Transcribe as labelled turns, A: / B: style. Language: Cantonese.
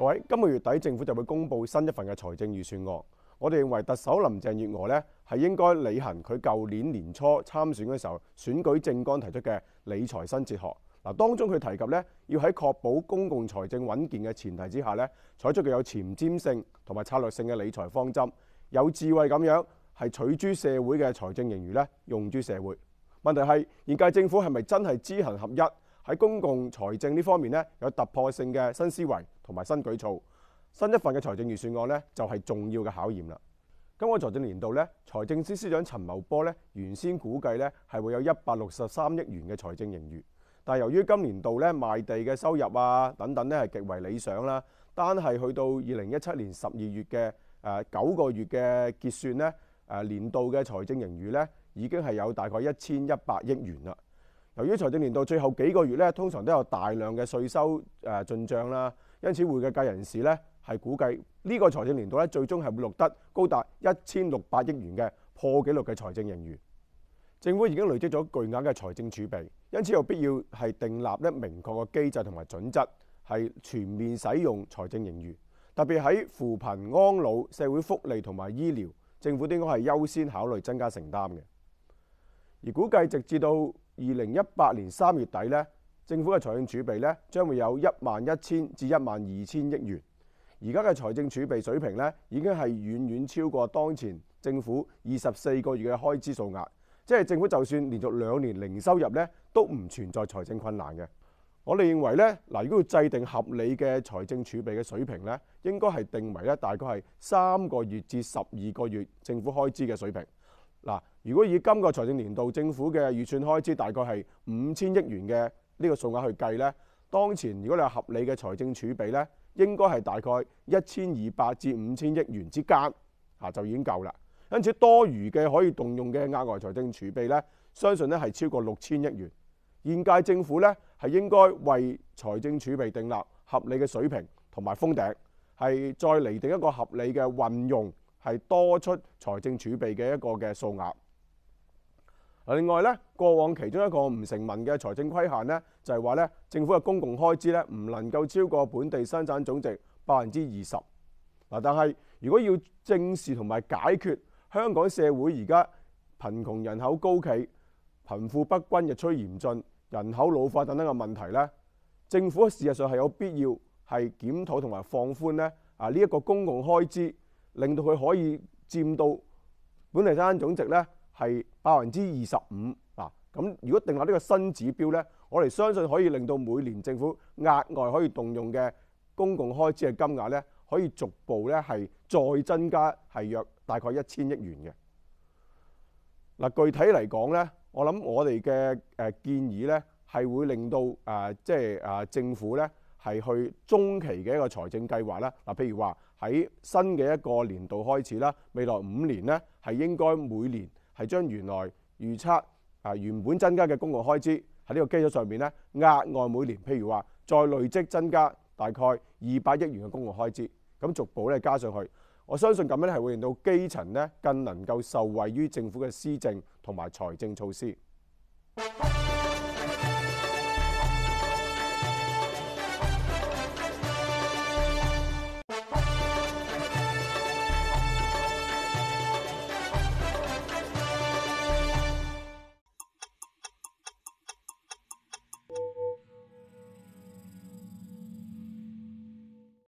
A: 各位，今個月底政府就會公布新一份嘅財政預算案。我哋認為特首林鄭月娥呢係應該履行佢舊年年初參選嘅時候選舉政綱提出嘅理財新哲學。嗱，當中佢提及呢，要喺確保公共財政穩健嘅前提之下呢，採取具有前瞻性同埋策略性嘅理財方針，有智慧咁樣係取諸社會嘅財政盈餘呢，用諸社會。問題係現屆政府係咪真係知行合一喺公共財政呢方面呢，有突破性嘅新思維？同埋新舉措，新一份嘅財政預算案呢，就係重要嘅考驗啦。今個財政年度呢，財政司司長陳茂波呢，原先估計呢係會有一百六十三億元嘅財政盈餘，但由於今年度呢賣地嘅收入啊等等呢係極為理想啦，單係去到二零一七年十二月嘅誒九個月嘅結算呢，誒年度嘅財政盈餘呢已經係有大概一千一百億元啦。由於財政年度最後幾個月咧，通常都有大量嘅稅收誒、呃、進帳啦，因此會的計界人士咧係估計呢個財政年度咧最終係會錄得高達一千六百億元嘅破紀錄嘅財政盈餘。政府已經累積咗巨額嘅財政儲備，因此有必要係訂立一明確嘅機制同埋準則，係全面使用財政盈餘，特別喺扶貧、安老、社會福利同埋醫療，政府應該係優先考慮增加承擔嘅。而估計直至到。二零一八年三月底呢，政府嘅財政儲備呢將會有一萬一千至一萬二千億元。而家嘅財政儲備水平呢，已經係遠遠超過當前政府二十四個月嘅開支數額，即係政府就算連續兩年零收入呢，都唔存在財政困難嘅。我哋認為呢，嗱，如果要制定合理嘅財政儲備嘅水平呢，應該係定為呢，大概係三個月至十二個月政府開支嘅水平。嗱，如果以今個財政年度政府嘅預算開支大概係五千億元嘅呢個數額去計呢，當前如果你有合理嘅財政儲備呢，應該係大概一千二百至五千億元之間，啊就已經夠啦。因此多餘嘅可以動用嘅額外財政儲備呢，相信咧係超過六千億元。現屆政府呢係應該為財政儲備訂立合理嘅水平同埋封頂，係再嚟定一個合理嘅運用。係多出財政儲備嘅一個嘅數額。另外呢，過往其中一個唔成文嘅財政規限呢，就係話咧，政府嘅公共開支呢唔能夠超過本地生產總值百分之二十。但係如果要正視同埋解決香港社會而家貧窮人口高企、貧富不均日趨嚴峻、人口老化等等嘅問題呢，政府事實上係有必要係檢討同埋放寬咧啊呢一個公共開支。令到佢可以佔到本地生產總值咧係百分之二十五嗱，咁如果定下呢個新指標咧，我哋相信可以令到每年政府額外可以動用嘅公共開支嘅金額咧，可以逐步咧係再增加係約大概一千億元嘅。嗱，具體嚟講咧，我諗我哋嘅誒建議咧係會令到誒即係誒政府咧。係去中期嘅一個財政計劃啦。嗱，譬如話喺新嘅一個年度開始啦，未來五年咧係應該每年係將原來預測啊，原本增加嘅公共開支喺呢個基礎上面咧，額外每年譬如話再累積增加大概二百億元嘅公共開支，咁逐步咧加上去。我相信咁樣咧係會令到基層咧更能夠受惠於政府嘅施政同埋財政措施。